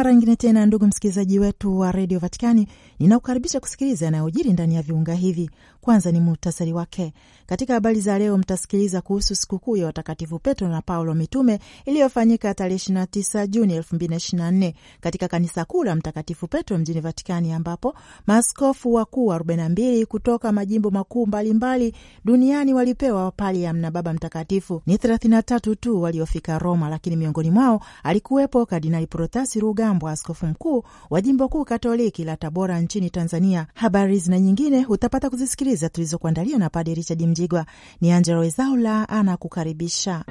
mara nyingine tena, ndugu msikilizaji wetu wa redio Vatikani, ninakukaribisha kusikiliza yanayojiri ndani ya viunga hivi. Kwanza ni muhtasari wake. Katika habari za leo, mtasikiliza kuhusu sikukuu ya watakatifu Petro na Paulo mitume iliyofanyika tarehe 29 Juni 2024 katika kanisa kuu la Mtakatifu Petro mjini Vatikani, ambapo maaskofu wakuu 42 kutoka majimbo makuu mbalimbali duniani walipewa pali ya mnababa Mtakatifu. Ni 33 tu waliofika Roma, lakini miongoni mwao alikuwepo Kardinali Protasi Ruga Mtambwa, askofu mkuu wa jimbo kuu katoliki la Tabora nchini Tanzania. Habari zina na nyingine utapata kuzisikiliza tulizokuandalia na Padre Richard Mjigwa. Ni Angela Wezaula anakukaribisha.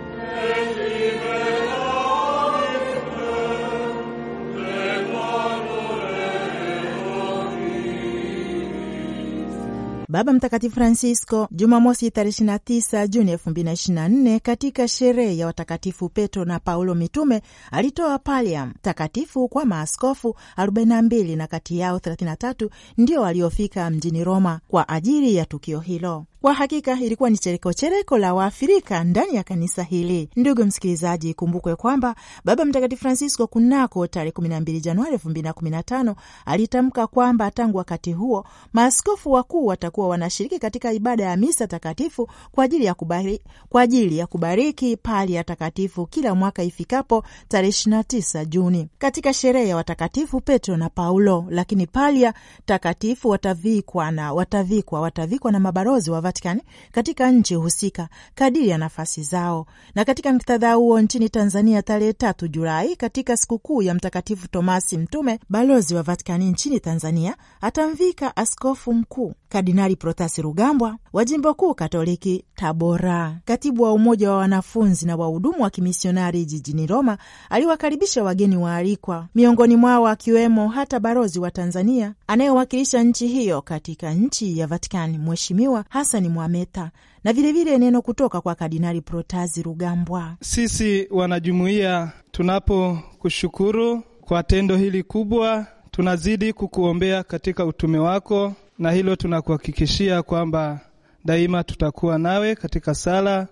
Baba Mtakatifu Francisco Jumamosi tarehe 29 Juni 2024 katika sherehe ya watakatifu Petro na Paulo mitume alitoa palia takatifu kwa maaskofu 42 na kati yao 33 ndio waliofika mjini Roma kwa ajili ya tukio hilo. Kwa hakika ilikuwa ni cherekochereko la Waafrika ndani ya kanisa hili. Ndugu msikilizaji, kumbukwe kwamba Baba Mtakatifu Francisco kunako tarehe 12 Januari 2015 alitamka kwamba tangu wakati huo maaskofu wakuu watakuwa wanashiriki katika ibada ya misa takatifu kwa ajili ya kubari, kwa ajili ya kubariki pali ya takatifu kila mwaka ifikapo tarehe 29 Juni katika sherehe ya watakatifu Petro na Paulo, lakini pali ya takatifu watavikwa na watavikwa watavikwa na mabarozi wa Vatican katika nchi husika kadiri ya nafasi zao. Na katika muktadha huo, nchini Tanzania tarehe tatu Julai, katika sikukuu ya Mtakatifu Tomasi Mtume, balozi wa Vatikani nchini Tanzania atamvika askofu mkuu Kardinali Protasi Rugambwa wa jimbo kuu Katoliki Tabora. Katibu wa Umoja wa Wanafunzi na Wahudumu wa Kimisionari jijini Roma aliwakaribisha wageni waalikwa, miongoni mwao akiwemo hata balozi wa Tanzania anayewakilisha nchi hiyo katika nchi ya Vatikani, Mheshimiwa Hassan Anthony Mwameta na vilevile vile neno kutoka kwa Kardinali Protazi Rugambwa. Sisi wanajumuiya tunapokushukuru kwa tendo hili kubwa, tunazidi kukuombea katika utume wako, na hilo tunakuhakikishia kwamba daima tutakuwa nawe katika sala,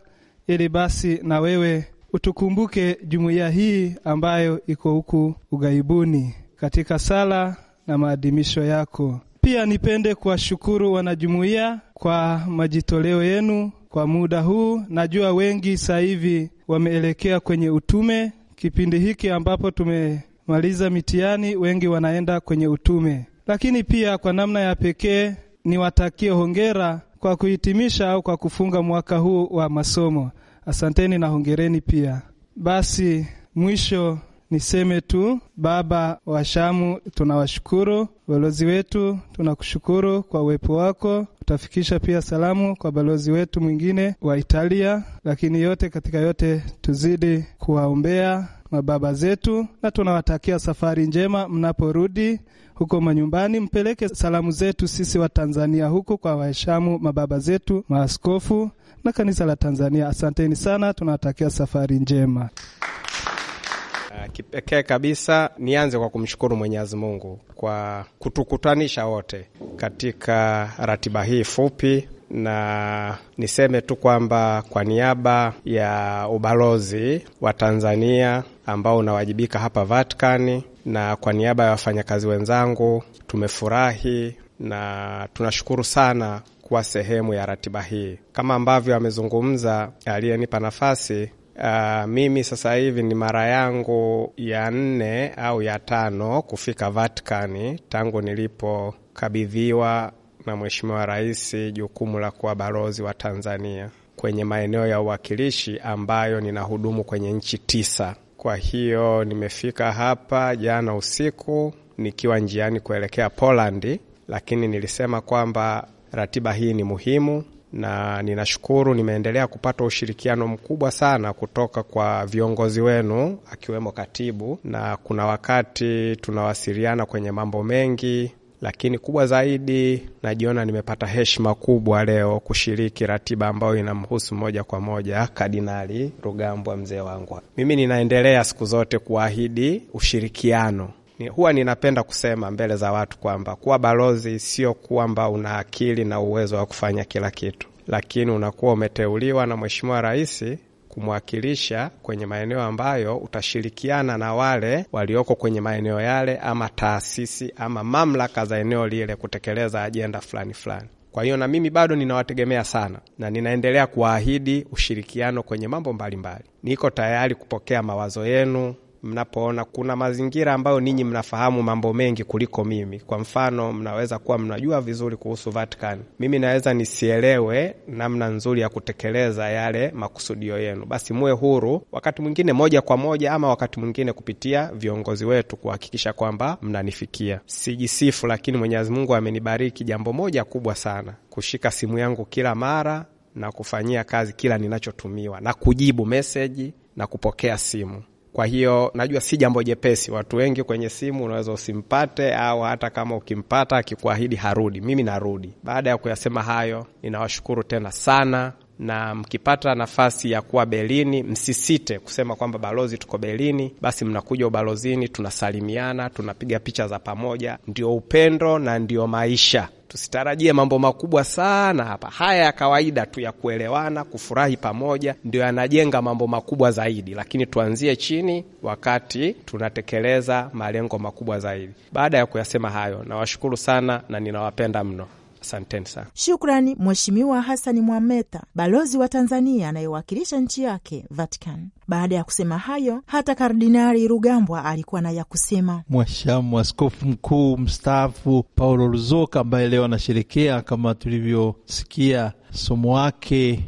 ili basi na wewe utukumbuke jumuiya hii ambayo iko huku ughaibuni katika sala na maadhimisho yako pia nipende kuwashukuru wanajumuiya kwa majitoleo yenu kwa muda huu. Najua wengi sasa hivi wameelekea kwenye utume, kipindi hiki ambapo tumemaliza mitihani, wengi wanaenda kwenye utume. Lakini pia kwa namna ya pekee niwatakie hongera kwa kuhitimisha au kwa kufunga mwaka huu wa masomo. Asanteni na hongereni pia. Basi mwisho Niseme tu Baba wa Shamu, tunawashukuru balozi wetu, tunakushukuru kwa uwepo wako. utafikisha pia salamu kwa balozi wetu mwingine wa Italia, lakini yote katika yote, tuzidi kuwaombea mababa zetu, na tunawatakia safari njema mnaporudi huko manyumbani. Mpeleke salamu zetu sisi wa Tanzania huko kwa waheshamu mababa zetu maaskofu na kanisa la Tanzania. Asanteni sana, tunawatakia safari njema. Eh, kipekee kabisa nianze kwa kumshukuru Mwenyezi Mungu kwa kutukutanisha wote katika ratiba hii fupi na niseme tu kwamba kwa niaba ya ubalozi wa Tanzania ambao unawajibika hapa Vatikani na kwa niaba ya wafanyakazi wenzangu tumefurahi na tunashukuru sana kuwa sehemu ya ratiba hii. Kama ambavyo amezungumza aliyenipa nafasi, Uh, mimi sasa hivi ni mara yangu ya nne au ya tano kufika Vatikani tangu nilipokabidhiwa na Mheshimiwa Rais jukumu la kuwa balozi wa Tanzania kwenye maeneo ya uwakilishi ambayo ninahudumu kwenye nchi tisa. Kwa hiyo nimefika hapa jana usiku nikiwa njiani kuelekea Polandi, lakini nilisema kwamba ratiba hii ni muhimu na ninashukuru nimeendelea kupata ushirikiano mkubwa sana kutoka kwa viongozi wenu akiwemo katibu, na kuna wakati tunawasiliana kwenye mambo mengi, lakini kubwa zaidi najiona nimepata heshima kubwa leo kushiriki ratiba ambayo inamhusu moja kwa moja Kardinali Rugambwa mzee wangu. Mimi ninaendelea siku zote kuahidi ushirikiano ni, huwa ninapenda kusema mbele za watu kwamba kuwa balozi sio kwamba una akili na uwezo wa kufanya kila kitu, lakini unakuwa umeteuliwa na Mheshimiwa Rais kumwakilisha kwenye maeneo ambayo utashirikiana na wale walioko kwenye maeneo yale ama taasisi ama mamlaka za eneo lile kutekeleza ajenda fulani fulani. Kwa hiyo na mimi bado ninawategemea sana na ninaendelea kuwaahidi ushirikiano kwenye mambo mbalimbali mbali. Niko tayari kupokea mawazo yenu, mnapoona kuna mazingira ambayo ninyi mnafahamu mambo mengi kuliko mimi. Kwa mfano, mnaweza kuwa mnajua vizuri kuhusu Vatican, mimi naweza nisielewe namna nzuri ya kutekeleza yale makusudio yenu. Basi muwe huru, wakati mwingine moja kwa moja, ama wakati mwingine kupitia viongozi wetu, kuhakikisha kwamba mnanifikia. Sijisifu, lakini Mwenyezi Mungu amenibariki jambo moja kubwa sana, kushika simu yangu kila mara na kufanyia kazi kila ninachotumiwa na kujibu meseji na kupokea simu. Kwa hiyo najua si jambo jepesi. Watu wengi kwenye simu unaweza usimpate, au hata kama ukimpata akikuahidi harudi. Mimi narudi. Baada ya kuyasema hayo, ninawashukuru tena sana na mkipata nafasi ya kuwa Berlini, msisite kusema kwamba balozi, tuko Berlini. Basi mnakuja ubalozini, tunasalimiana, tunapiga picha za pamoja. Ndio upendo na ndio maisha. Tusitarajie mambo makubwa sana hapa. Haya ya kawaida tu ya kuelewana, kufurahi pamoja, ndio yanajenga mambo makubwa zaidi, lakini tuanzie chini wakati tunatekeleza malengo makubwa zaidi. Baada ya kuyasema hayo, nawashukuru sana na ninawapenda mno. Asanteni sana. Shukrani Mheshimiwa Hasani Mwameta, balozi wa Tanzania anayewakilisha nchi yake Vatican. Baada ya kusema hayo, hata Kardinali Rugambwa alikuwa na ya kusema. Mwashamu askofu mkuu mstaafu Paulo Ruzoka, ambaye leo anasherekea kama tulivyosikia somo wake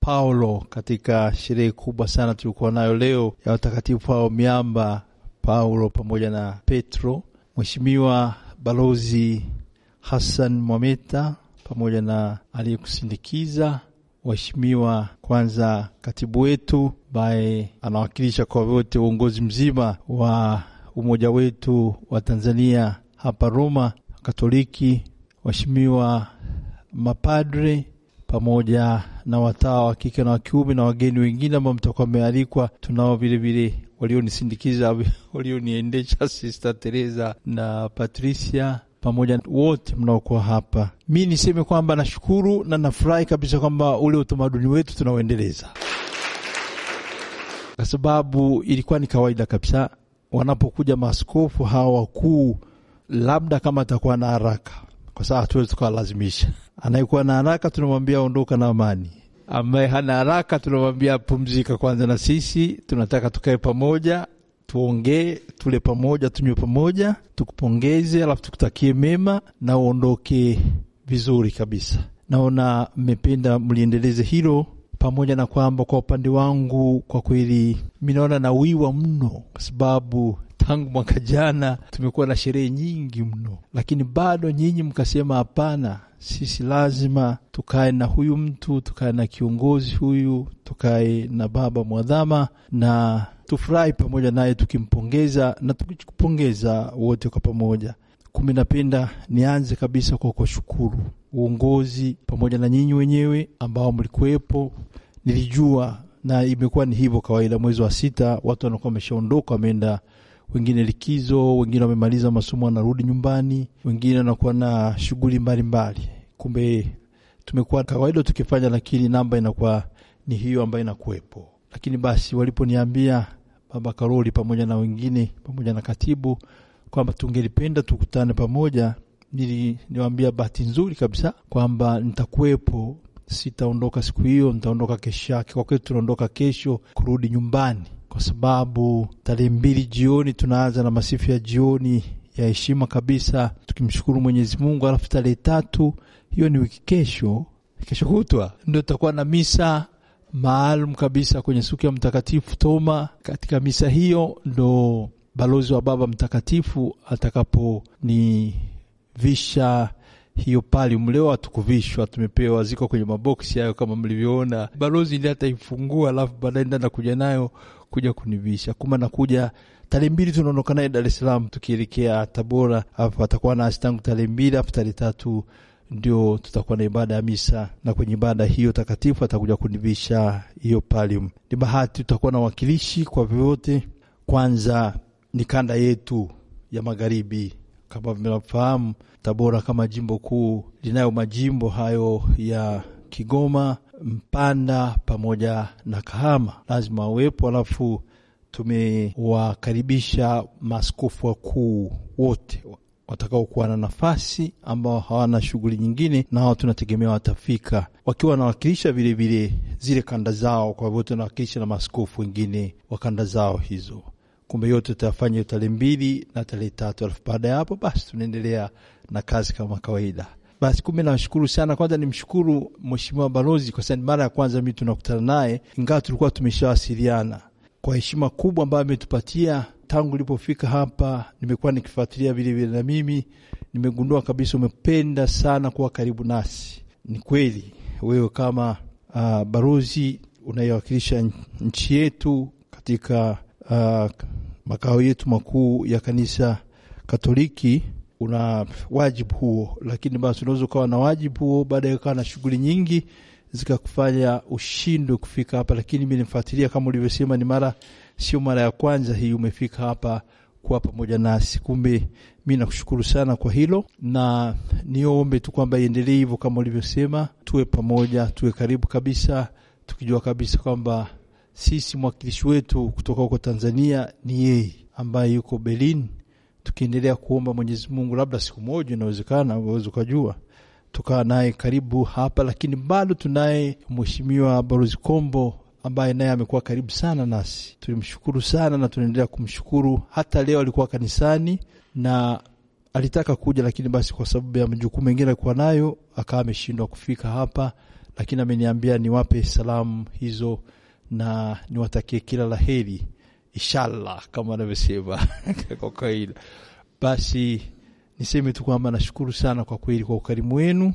Paulo katika sherehe kubwa sana tuliokuwa nayo leo ya watakatifu hao miamba Paulo pamoja na Petro. Mheshimiwa balozi Hassan Mwameta pamoja na aliyekusindikiza Waheshimiwa, kwanza katibu wetu ambaye anawakilisha kwa wote uongozi mzima wa umoja wetu wa Tanzania hapa Roma Katoliki, waheshimiwa mapadre pamoja na watawa wa kike na wa kiume na wageni wengine ambao mtakuwa mmealikwa. Tunao vilevile walionisindikiza walioniendesha, Sista Teresa na Patricia pamoja wote mnaokuwa hapa. Mi niseme kwamba nashukuru na nafurahi kabisa kwamba ule utamaduni wetu tunaoendeleza, kwa sababu ilikuwa ni kawaida kabisa wanapokuja maaskofu hawa wakuu, labda kama atakuwa na haraka, kwa sababu hatuwezi tukawalazimisha. Anayekuwa na haraka tunamwambia ondoka na amani, ambaye hana haraka tunamwambia pumzika kwanza, na sisi tunataka tukae pamoja tuongee, tule pamoja, tunywe pamoja, tukupongeze, alafu tukutakie mema na uondoke vizuri kabisa. Naona mmependa mliendeleze hilo, pamoja na kwamba kwa upande wangu kwa kweli mi naona nawiwa mno, kwa sababu tangu mwaka jana tumekuwa na sherehe nyingi mno, lakini bado nyinyi mkasema hapana, sisi lazima tukae na huyu mtu, tukae na kiongozi huyu, tukae na baba mwadhama na tufurahi pamoja naye, tukimpongeza na tukipongeza wote kwa pamoja. Kumi, napenda nianze kabisa kwa kuwashukuru uongozi pamoja na nyinyi wenyewe ambao mlikuwepo. Nilijua na imekuwa ni hivyo kawaida, mwezi wa sita watu wanakuwa wameshaondoka wameenda wengine likizo, wengine wamemaliza masomo wanarudi nyumbani, wengine wanakuwa na shughuli mbalimbali. Kumbe tumekuwa kawaida tukifanya, lakini namba inakuwa ni hiyo ambayo inakuwepo. Lakini basi waliponiambia Baba Karoli pamoja na wengine pamoja na katibu kwamba tungelipenda tukutane pamoja, niliwaambia bahati nzuri kabisa kwamba nitakuwepo, sitaondoka siku hiyo, nitaondoka kesho yake. Kwa kweli tunaondoka kesho kurudi nyumbani kwa sababu tarehe mbili jioni tunaanza na masifu ya jioni ya heshima kabisa, tukimshukuru Mwenyezi Mungu. Alafu tarehe tatu, hiyo ni wiki kesho, kesho kutwa ndio tutakuwa na misa maalum kabisa kwenye suku ya Mtakatifu Toma. Katika misa hiyo ndo balozi wa Baba Mtakatifu atakaponivisha hiyo pali mleo hatukuvishwa, tumepewa ziko kwenye maboksi hayo kama mlivyoona. Balozi ndiye ataifungua, alafu baadaye ndiye anakuja nayo kuja kunivisha. Kuma nakuja tarehe mbili tunaondoka naye Dar es Salaam tukielekea Tabora, alafu atakuwa nasi tangu tarehe mbili alafu tarehe tatu ndio tutakuwa na ibada ya misa, na kwenye ibada hiyo takatifu atakuja kunivisha hiyo palium. Ni bahati tutakuwa na wakilishi kwa vyovyote. Kwanza ni kanda yetu ya magharibi kama vinafahamu Tabora kama jimbo kuu linayo majimbo hayo ya Kigoma, Mpanda pamoja na Kahama, lazima wawepo. Alafu tumewakaribisha maaskofu wakuu wote watakaokuwa na nafasi ambao hawana shughuli nyingine, na hao tunategemea watafika wakiwa wanawakilisha vilevile zile kanda zao. Kwa hivyo tunawakilisha na maaskofu wengine wa kanda zao hizo. Kumbe yote tutafanya hiyo tarehe mbili na tarehe tatu, alafu baada ya hapo basi tunaendelea na kazi kama kawaida. Basi kumbe nawashukuru sana. Kwanza nimshukuru Mheshimiwa Balozi kwa sababu mara ya kwanza mi tunakutana naye, ingawa tulikuwa tumeshawasiliana kwa heshima kubwa ambayo ametupatia tangu ulipofika hapa. Nimekuwa nikifuatilia vilevile, na mimi nimegundua kabisa umependa sana kuwa karibu nasi. Ni kweli wewe kama uh, balozi unayewakilisha nchi yetu katika uh, makao yetu makuu ya kanisa Katoliki una wajibu huo, lakini basi unaweza ukawa na wajibu huo ya kukawa na shughuli nyingi zikakufanya ushindwe kufika hapa. Lakini mi nimfuatilia kama ulivyosema, ni mara sio mara ya kwanza hii umefika hapa kuwa pamoja nasi. Kumbe mi nakushukuru sana kwa hilo, na niombe tu kwamba iendelee hivyo kama ulivyosema, tuwe pamoja, tuwe karibu kabisa, tukijua kabisa kwamba sisi mwakilishi wetu kutoka huko Tanzania ni yeye ambaye yuko Berlin, tukiendelea kuomba Mwenyezi Mungu, labda siku moja inawezekana, uweze ukajua tukaa naye karibu hapa, lakini bado tunaye Mheshimiwa Balozi Kombo ambaye naye amekuwa karibu sana nasi. Tulimshukuru sana na tunaendelea kumshukuru. Hata leo alikuwa kanisani na alitaka kuja, lakini basi kwa sababu ya majukumu mengine alikuwa nayo akawa ameshindwa kufika hapa, lakini ameniambia niwape salamu hizo na niwatakie kila la heri inshallah, kama anavyosema kwa kawaida. Basi niseme tu kwamba nashukuru sana kwa kweli kwa ukarimu wenu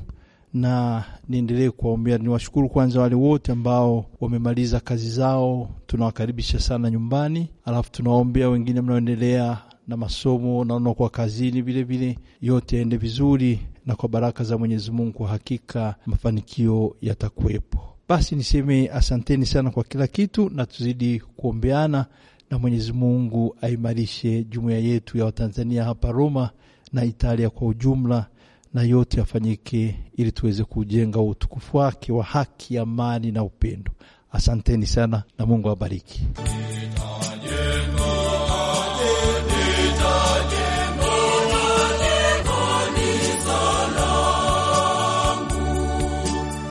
na niendelee kuwaombea. Niwashukuru kwanza wale wote ambao wamemaliza kazi zao, tunawakaribisha sana nyumbani, alafu tunawaombea wengine mnaoendelea na masomo, naona kwa kazini vilevile, yote yaende vizuri, na kwa baraka za Mwenyezi Mungu, kwa hakika mafanikio yatakuwepo. Basi niseme asanteni sana kwa kila kitu, na tuzidi kuombeana na Mwenyezi Mungu aimarishe jumuiya yetu ya Watanzania hapa Roma na Italia kwa ujumla, na yote yafanyike ili tuweze kujenga utukufu wake wa haki, amani na upendo. Asanteni sana na Mungu awabariki.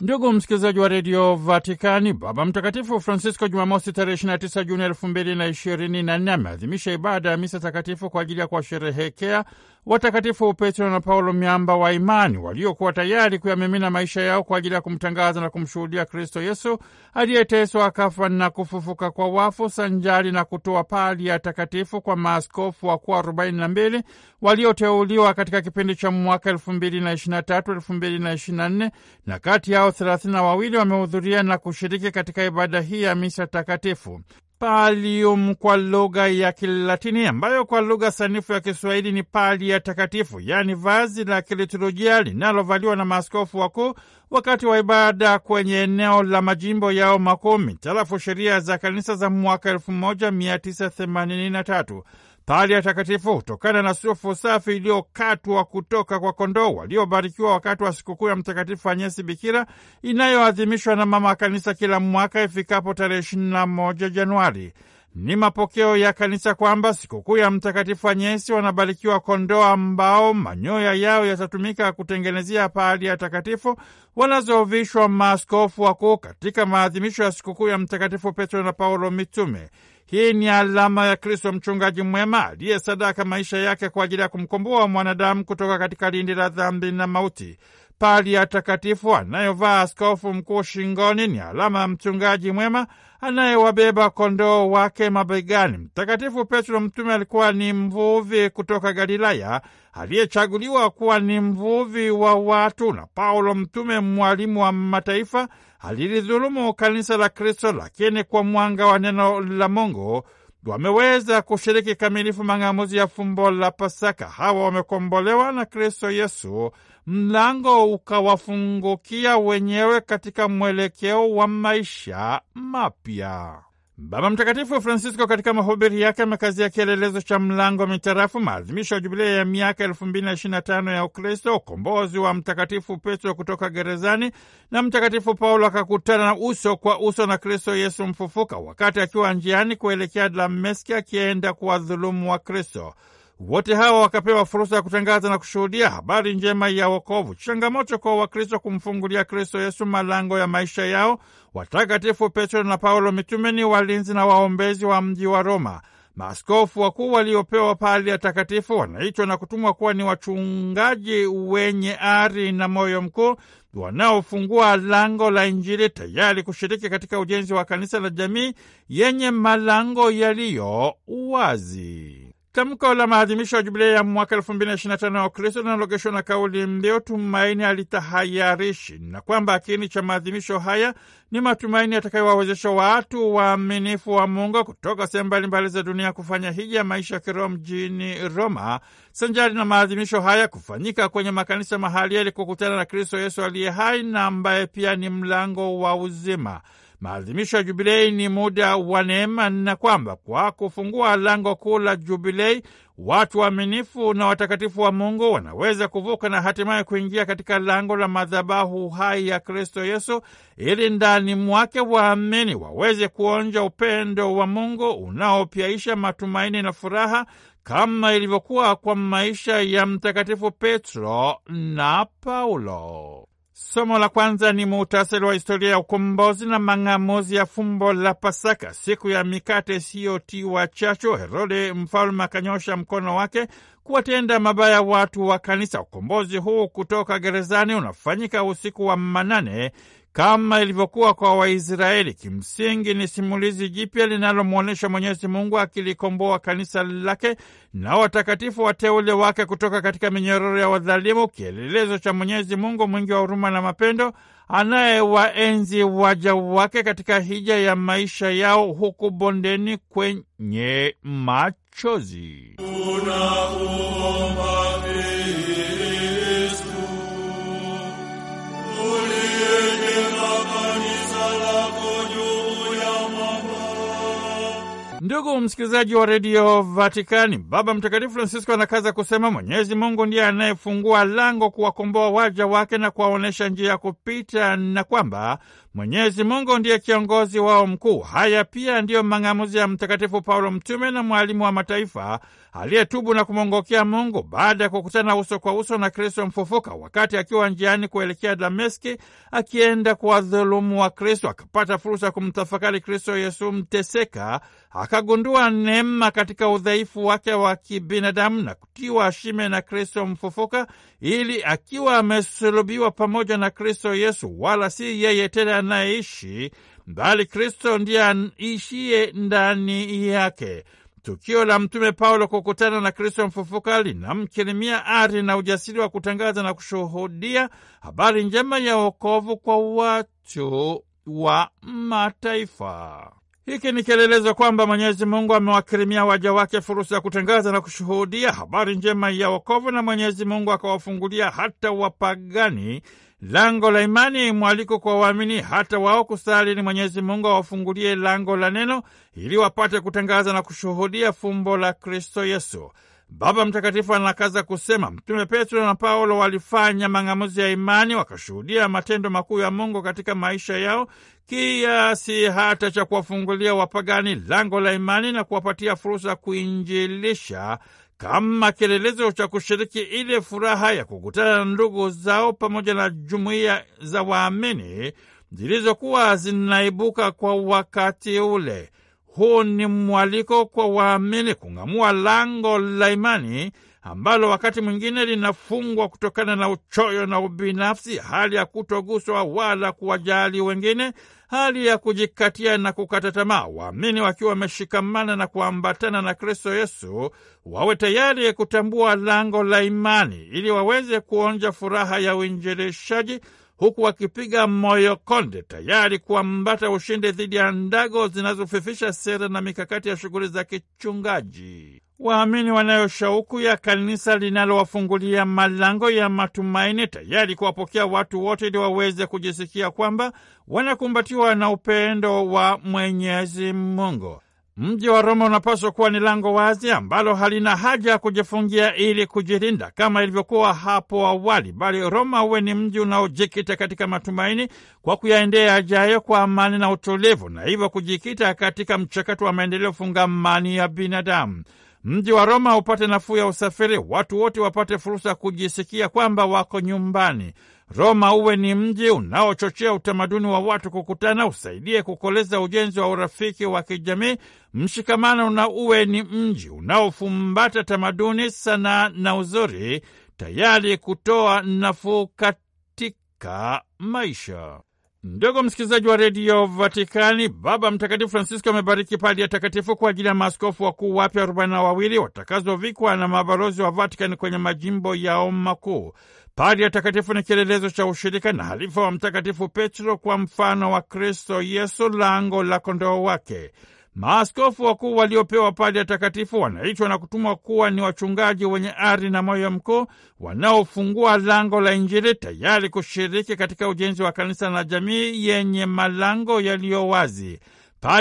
Ndugu msikilizaji wa redio Vatikani, Baba Mtakatifu Francisco Jumamosi tarehe 29 Juni 2024 ameadhimisha ibada ya misa takatifu kwa ajili ya kuwasherehekea watakatifu Petro na Paulo, miamba wa imani, waliokuwa tayari kuyamimina maisha yao kwa ajili ya kumtangaza na kumshuhudia Kristo Yesu aliyeteswa, akafa na kufufuka kwa wafu, sanjari na kutoa pali ya takatifu kwa maaskofu wakuu arobaini na mbili walioteuliwa katika kipindi cha mwaka elfu mbili na ishirini na tatu elfu mbili na ishirini na nne na kati yao thelathini na wawili wamehudhuria na kushiriki katika ibada hii ya misa takatifu. Palium kwa lugha ya Kilatini ambayo kwa lugha sanifu ya Kiswahili ni pali ya takatifu, yaani vazi la kiliturujia linalovaliwa na maaskofu wakuu wakati wa ibada kwenye eneo la majimbo yao makuu, mitarafu sheria za kanisa za mwaka 1983 ya takatifu hutokana na sufu safi iliyokatwa kutoka kwa kondoo waliobarikiwa wakati wa sikukuu ya Mtakatifu Anyesi Bikira inayoadhimishwa na Mama Kanisa kila mwaka ifikapo tarehe 21 Januari. Ni mapokeo ya Kanisa kwamba sikukuu ya Mtakatifu Anyesi wanabarikiwa kondoo ambao manyoya yao yatatumika kutengenezea pahali ya takatifu wanazovishwa maaskofu wakuu katika maadhimisho ya sikukuu ya Mtakatifu Petro na Paulo mitume. Hii ni alama ya Kristo mchungaji mwema sadaka maisha yake kwa ajili ya kumkomboa mwanadamu kutoka katika lindi la dhambi na mauti. Pali ya takatifu anayovaa askofu mkuu shingoni ni alama ya mchungaji mwema anayewabeba kondoo wake mabegani. Mtakatifu Petro mtume alikuwa ni mvuvi kutoka Galilaya aliyechaguliwa kuwa ni mvuvi wa watu, na Paulo mtume, mwalimu wa mataifa, alilidhulumu kanisa la Kristo, lakini kwa mwanga wa neno la Mungu wameweza kushiriki kamilifu mang'amuzi ya fumbo la Pasaka. Hawa wamekombolewa na Kristo Yesu mlango ukawafungukia wenyewe katika mwelekeo wa maisha mapya. Baba Mtakatifu Francisco katika mahubiri yake amekazia kielelezo cha mlango mitarafu, maadhimisho ya jubilia ya miaka 225 ya Ukristo, ukombozi wa Mtakatifu Petro kutoka gerezani, na Mtakatifu Paulo akakutana uso kwa uso na Kristo Yesu mfufuka wakati akiwa njiani kuelekea Dameski, akienda kuwadhulumu wa Kristo. Wote hawa wakapewa fursa ya kutangaza na kushuhudia habari njema ya wokovu. Changamoto kwa Wakristo kumfungulia Kristo Yesu malango ya maisha yao. Watakatifu Petro na Paulo mitume ni walinzi na waombezi wa mji wa Roma. Maaskofu wakuu waliopewa pali ya takatifu wanaitwa na kutumwa kuwa ni wachungaji wenye ari na moyo mkuu wanaofungua lango la Injili, tayari kushiriki katika ujenzi wa kanisa la jamii yenye malango yaliyo wazi. Tamko la maadhimisho ya jubilei ya mwaka elfu mbili na na tano ya Ukristo linalogeshwa na kauli mbiu tumaini alitahayarishi na kwamba kiini cha maadhimisho haya ni matumaini yatakayowawezesha watu waaminifu wa Mungu kutoka sehemu mbalimbali za dunia kufanya hija ya maisha ya kiroho mjini Roma, sanjari na maadhimisho haya kufanyika kwenye makanisa mahali ili kukutana na Kristo Yesu aliye hai na ambaye pia ni mlango wa uzima. Maadhimisho ya Jubilei ni muda wa neema, na kwamba kwa kufungua lango kuu la Jubilei, watu waaminifu na watakatifu wa Mungu wanaweza kuvuka na hatimaye kuingia katika lango la madhabahu hai ya Kristo Yesu, ili ndani mwake waamini waweze kuonja upendo wa Mungu unaopyaisha matumaini na furaha kama ilivyokuwa kwa maisha ya Mtakatifu Petro na Paulo. Somo la kwanza ni muhtasari wa historia ya ukombozi na mang'amuzi ya fumbo la Pasaka, siku ya mikate isiyotiwa chachu. Herode mfalme akanyosha mkono wake kuwatenda mabaya watu wa kanisa. Ukombozi huu kutoka gerezani unafanyika usiku wa manane kama ilivyokuwa kwa Waisraeli. Kimsingi ni simulizi jipya linalomwonyesha Mwenyezi Mungu akilikomboa kanisa lake na watakatifu wateule wake kutoka katika minyororo ya wadhalimu, kielelezo cha Mwenyezi Mungu mwingi wa huruma na mapendo, anayewaenzi waja wake katika hija ya maisha yao huku bondeni kwenye machozi Una Ndugu msikilizaji wa redio Vatikani, Baba Mtakatifu Francisco anakaza kusema Mwenyezi Mungu ndiye anayefungua lango kuwakomboa waja wake na kuwaonyesha njia ya kupita, na kwamba Mwenyezi Mungu ndiye kiongozi wao mkuu. Haya pia ndiyo mang'amuzi ya Mtakatifu Paulo mtume na mwalimu wa mataifa aliyetubu na kumwongokea Mungu baada ya kukutana uso kwa uso na Kristo mfufuka. Wakati akiwa njiani kuelekea Dameski akienda kuwadhulumu wa Kristo, akapata fursa ya kumtafakari Kristo Yesu mteseka, akagundua neema katika udhaifu wake wa kibinadamu na kutiwa shime na Kristo mfufuka, ili akiwa amesulubiwa pamoja na Kristo Yesu, wala si yeye tena anaishi, bali Kristo ndiye aishiye ndani yake. Tukio la Mtume Paulo kukutana na Kristo mfufuka linamkirimia ari na ujasiri wa kutangaza na kushuhudia habari njema ya wokovu kwa watu wa mataifa. Hiki ni kielelezo kwamba Mwenyezi Mungu amewakirimia waja wake fursa ya kutangaza na kushuhudia habari njema ya wokovu, na Mwenyezi Mungu akawafungulia hata wapagani Lango la imani, mwaliko kwa waamini hata wao kusali ni Mwenyezi Mungu awafungulie lango la neno ili wapate kutangaza na kushuhudia fumbo la Kristo Yesu. Baba Mtakatifu anakaza kusema Mtume Petro na Paulo walifanya mang'amuzi ya imani, wakashuhudia matendo makuu ya Mungu katika maisha yao kiasi hata cha kuwafungulia wapagani lango la imani na kuwapatia fursa kuinjilisha kama kielelezo cha kushiriki ile furaha ya kukutana na ndugu zao pamoja na jumuiya za waamini zilizokuwa zinaibuka kwa wakati ule. Huu ni mwaliko kwa waamini kung'amua lango la imani ambalo wakati mwingine linafungwa kutokana na uchoyo na ubinafsi, hali ya kutoguswa wala kuwajali wengine, hali ya kujikatia na kukata tamaa. Waamini wakiwa wameshikamana na kuambatana na Kristo Yesu wawe tayari kutambua lango la imani ili waweze kuonja furaha ya uinjilishaji huku wakipiga moyo konde tayari kuambata ushindi dhidi ya ndago zinazofifisha sera na mikakati ya shughuli za kichungaji. Waamini wanayo shauku ya kanisa linalowafungulia malango ya matumaini, tayari kuwapokea watu wote ili waweze kujisikia kwamba wanakumbatiwa na upendo wa Mwenyezi Mungu. Mji wa Roma unapaswa kuwa ni lango wazi ambalo halina haja ya kujifungia ili kujilinda kama ilivyokuwa hapo awali, bali Roma uwe ni mji unaojikita katika matumaini kwa kuyaendea yajayo kwa amani na utulivu, na hivyo kujikita katika mchakato wa maendeleo fungamani ya binadamu. Mji wa Roma upate nafuu ya usafiri, watu wote wapate fursa ya kujisikia kwamba wako nyumbani. Roma uwe ni mji unaochochea utamaduni wa watu kukutana, usaidie kukoleza ujenzi wa urafiki wa kijamii, mshikamano, na uwe ni mji unaofumbata tamaduni, sanaa na uzuri, tayari kutoa nafuu katika maisha. Ndugu msikilizaji wa redio Vatikani, Baba Mtakatifu Francisco amebariki padi ya takatifu kwa ajili ya maaskofu wakuu wapya arobaini na wawili watakazovikwa na mabalozi wa Vatikani kwenye majimbo yao makuu ya takatifu ni kielelezo cha ushirika na halifa wa Mtakatifu Petro kwa mfano wa Kristo Yesu, lango la kondoo wake. Maaskofu wakuu waliopewa ya takatifu wanaitwa na kutumwa kuwa ni wachungaji wenye ari na moyo mkuu wanaofungua lango la Injili, tayari kushiriki katika ujenzi wa kanisa na jamii yenye malango yaliyo wazi.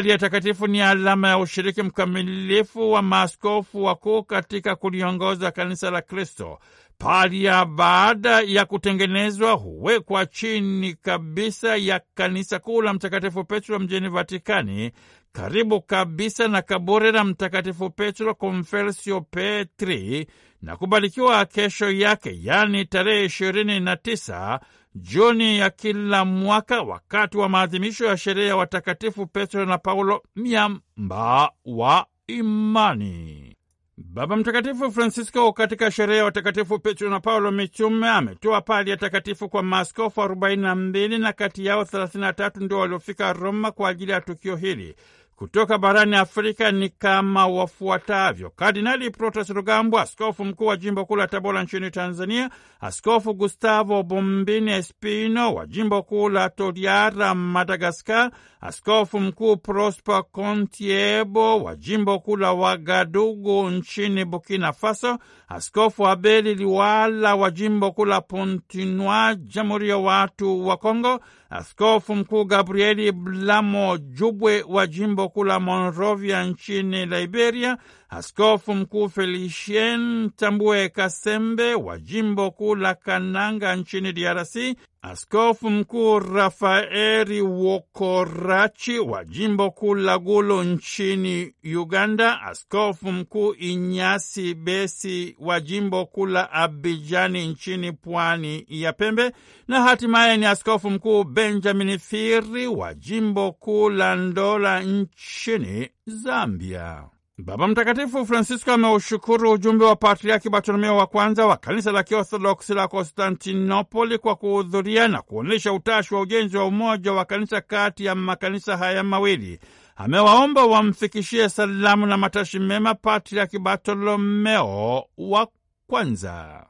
ya takatifu ni alama ya ushiriki mkamilifu wa maaskofu wakuu katika kuliongoza kanisa la Kristo. Paria baada ya kutengenezwa huwekwa chini kabisa ya kanisa kuu la Mtakatifu Petro mjini Vatikani, karibu kabisa na kaburi la Mtakatifu Petro Confessio Petri, na kubalikiwa kesho yake, yaani tarehe 29 Juni ya kila mwaka wakati wa maadhimisho ya sherehe ya watakatifu Petro na Paulo miamba wa imani. Baba Mtakatifu Francisco katika sherehe ya watakatifu Petro na Paulo mitume ametoa pali takatifu kwa maaskofu 42 na kati yao 33 ndio waliofika Roma kwa ajili ya tukio hili kutoka barani Afrika ni kama wafuatavyo: Kardinali Protas Rugambwa, askofu mkuu wa jimbo kuu la Tabora nchini Tanzania; Askofu Gustavo Bombini Espino wa jimbo kuu la Toliara, Madagaskar; Askofu mkuu Prosper Kontiebo wa jimbo kuu la Wagadugu nchini Burkina Faso; Askofu Abeli Liwala wa jimbo kuu la Pontinoi, Jamhuri ya Watu wa Kongo; Askofu Mkuu Gabrieli Blamo Jubwe wa jimbo kuu la Monrovia nchini Liberia, Askofu Mkuu Felicien Tambue Kasembe wa jimbo kuu la Kananga nchini DRC, Askofu Mkuu Rafaeli Wokorachi wa jimbo kuu la Gulu nchini Uganda, Askofu Mkuu Inyasi Besi wa jimbo kuu la Abijani nchini pwani ya Pembe, na hatimaye ni Askofu Mkuu Benjamin Firi wa jimbo kuu la Ndola nchini Zambia. Baba Mtakatifu Francisco ameushukuru ujumbe wa Patriaki Bartolomeo wa kwanza wa kanisa la Kiorthodoksi la Konstantinopoli kwa kuhudhuria na kuonyesha utashi wa ujenzi wa umoja wa kanisa kati ya makanisa haya mawili. Amewaomba wamfikishie salamu na matashi mema Patriaki Bartolomeo wa kwanza.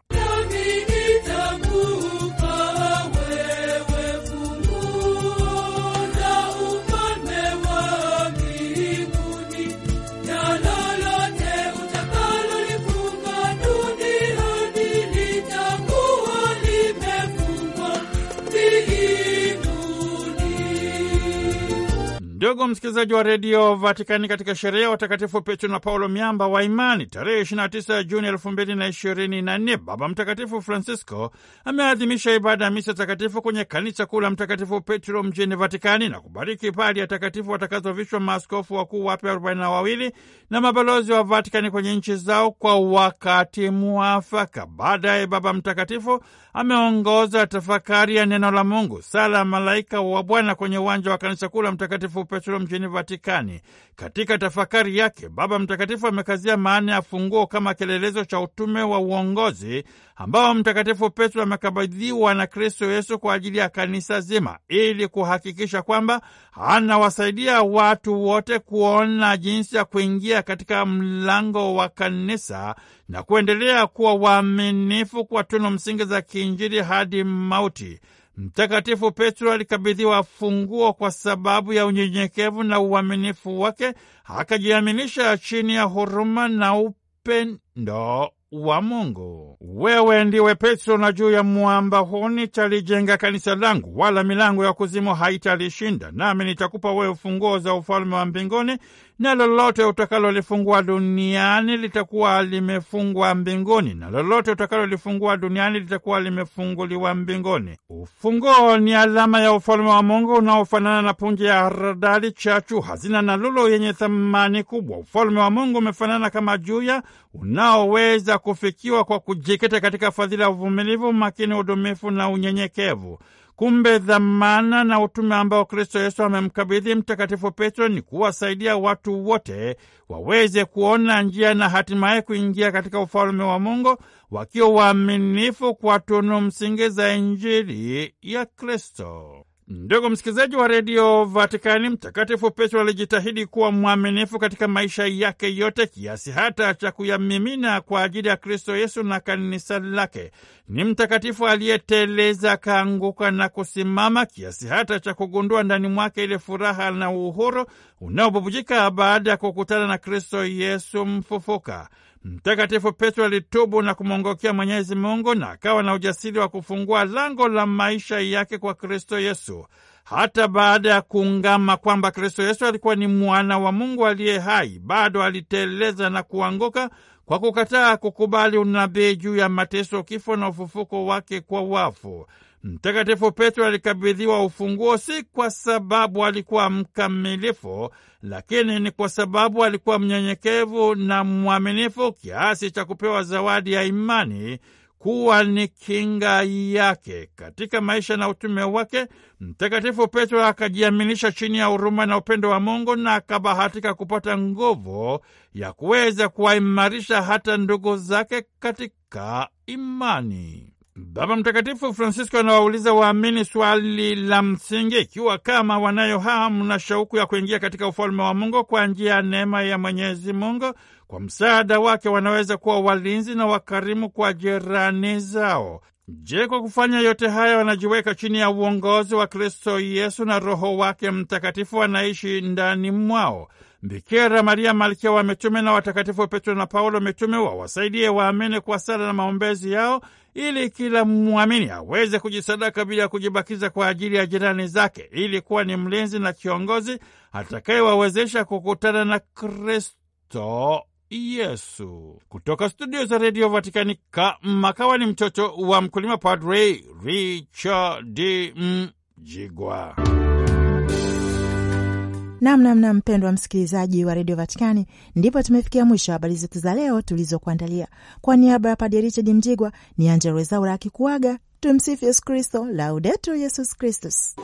Ndugu msikilizaji wa redio Vatikani, katika sherehe ya watakatifu Petro na Paulo miamba wa imani, tarehe 29 Juni 2024, Baba Mtakatifu Francisco ameadhimisha ibada ya misa takatifu kwenye kanisa kuu la Mtakatifu Petro mjini Vatikani na kubariki pali ya takatifu watakazovishwa maaskofu wakuu wapya 42 na mabalozi wa Vatikani kwenye nchi zao kwa wakati mwafaka. Baadaye Baba Mtakatifu ameongoza tafakari ya neno la Mungu, sala ya malaika wa Bwana kwenye uwanja wa kanisa kuu la Mtakatifu Petro mjini Vatikani. Katika tafakari yake, Baba Mtakatifu amekazia maana ya funguo kama kielelezo cha utume wa uongozi ambao Mtakatifu Petro amekabidhiwa na Kristo Yesu kwa ajili ya kanisa zima, ili kuhakikisha kwamba anawasaidia watu wote kuona jinsi ya kuingia katika mlango wa kanisa na kuendelea kuwa waaminifu kwa tunu msingi za kiinjili hadi mauti. Mtakatifu Petro alikabidhiwa funguo kwa sababu ya unyenyekevu na uaminifu wake, akajiaminisha chini ya huruma na upendo wa Mungu. Wewe ndiwe Petro, na juu ya mwamba huu nitalijenga kanisa langu, wala milango ya kuzimu haitalishinda. Nami nitakupa wewe funguo za ufalme wa mbinguni na lolote utakalolifungua duniani litakuwa limefungwa mbinguni, na lolote utakalolifungua duniani litakuwa limefunguliwa mbinguni. Ufunguo ni alama ya ufalme wa Mungu unaofanana na punje ya haradali, chachu, hazina na lulu yenye thamani kubwa. Ufalme wa Mungu umefanana kama juya unaoweza kufikiwa kwa kujikita katika fadhila ya uvumilivu, makini, udumifu na unyenyekevu. Kumbe dhamana na utume ambao Kristo Yesu amemkabidhi Mtakatifu Petro ni kuwasaidia watu wote waweze kuona njia na hatimaye kuingia katika ufalme wa Mungu wakiwa waaminifu kwa tunu msingi za Injili ya Kristo. Ndugu msikilizaji wa redio Vatikani, Mtakatifu Petro alijitahidi kuwa mwaminifu katika maisha yake yote kiasi hata cha kuyamimina kwa ajili ya Kristo Yesu na kanisa lake. Ni mtakatifu aliyeteleza akaanguka na kusimama kiasi hata cha kugundua ndani mwake ile furaha na uhuru unaobubujika baada ya kukutana na Kristo Yesu mfufuka. Mtakatifu Petro alitubu na kumwongokea Mwenyezi Mungu na akawa na ujasiri wa kufungua lango la maisha yake kwa Kristo Yesu. Hata baada ya kuungama kwamba Kristo Yesu alikuwa ni mwana wa Mungu aliye hai, bado aliteleza na kuanguka kwa kukataa kukubali unabii juu ya mateso, kifo na ufufuko wake kwa wafu. Mtakatifu Petro alikabidhiwa ufunguo si kwa sababu alikuwa mkamilifu, lakini ni kwa sababu alikuwa mnyenyekevu na mwaminifu kiasi cha kupewa zawadi ya imani kuwa ni kinga yake katika maisha na utume wake. Mtakatifu Petro akajiaminisha chini ya huruma na upendo wa Mungu na akabahatika kupata nguvu ya kuweza kuwaimarisha hata ndugu zake katika imani. Baba Mtakatifu Francisco anawauliza waamini swali la msingi, ikiwa kama wanayo hamu na shauku ya kuingia katika ufalme wa Mungu kwa njia ya neema ya Mwenyezi Mungu, kwa msaada wake wanaweza kuwa walinzi na wakarimu kwa jirani zao. Je, kwa kufanya yote haya wanajiweka chini ya uongozi wa Kristo Yesu na Roho wake Mtakatifu wanaishi ndani mwao. Bikira Maria malkia wa mitume na watakatifu Petro na Paulo mitume wawasaidie waamini kwa sala na maombezi yao ili kila mwamini aweze kujisadaka bila kujibakiza kwa ajili ya jirani zake, ili kuwa ni mlinzi na kiongozi atakayewawezesha kukutana na Kristo Yesu. Kutoka studio za redio Vatikani, kamakawa ni mtoto wa mkulima, Padre Richard Mjigwa. Namnamna mpendwa msikilizaji wa redio Vatikani, ndipo tumefikia mwisho wa habari zetu za leo tulizokuandalia. Kwa niaba ya Padre Richard Mjigwa ni Angella Rwezaura akikuaga. Tumsifu Yesu Kristo, Laudetur Yesus Kristus.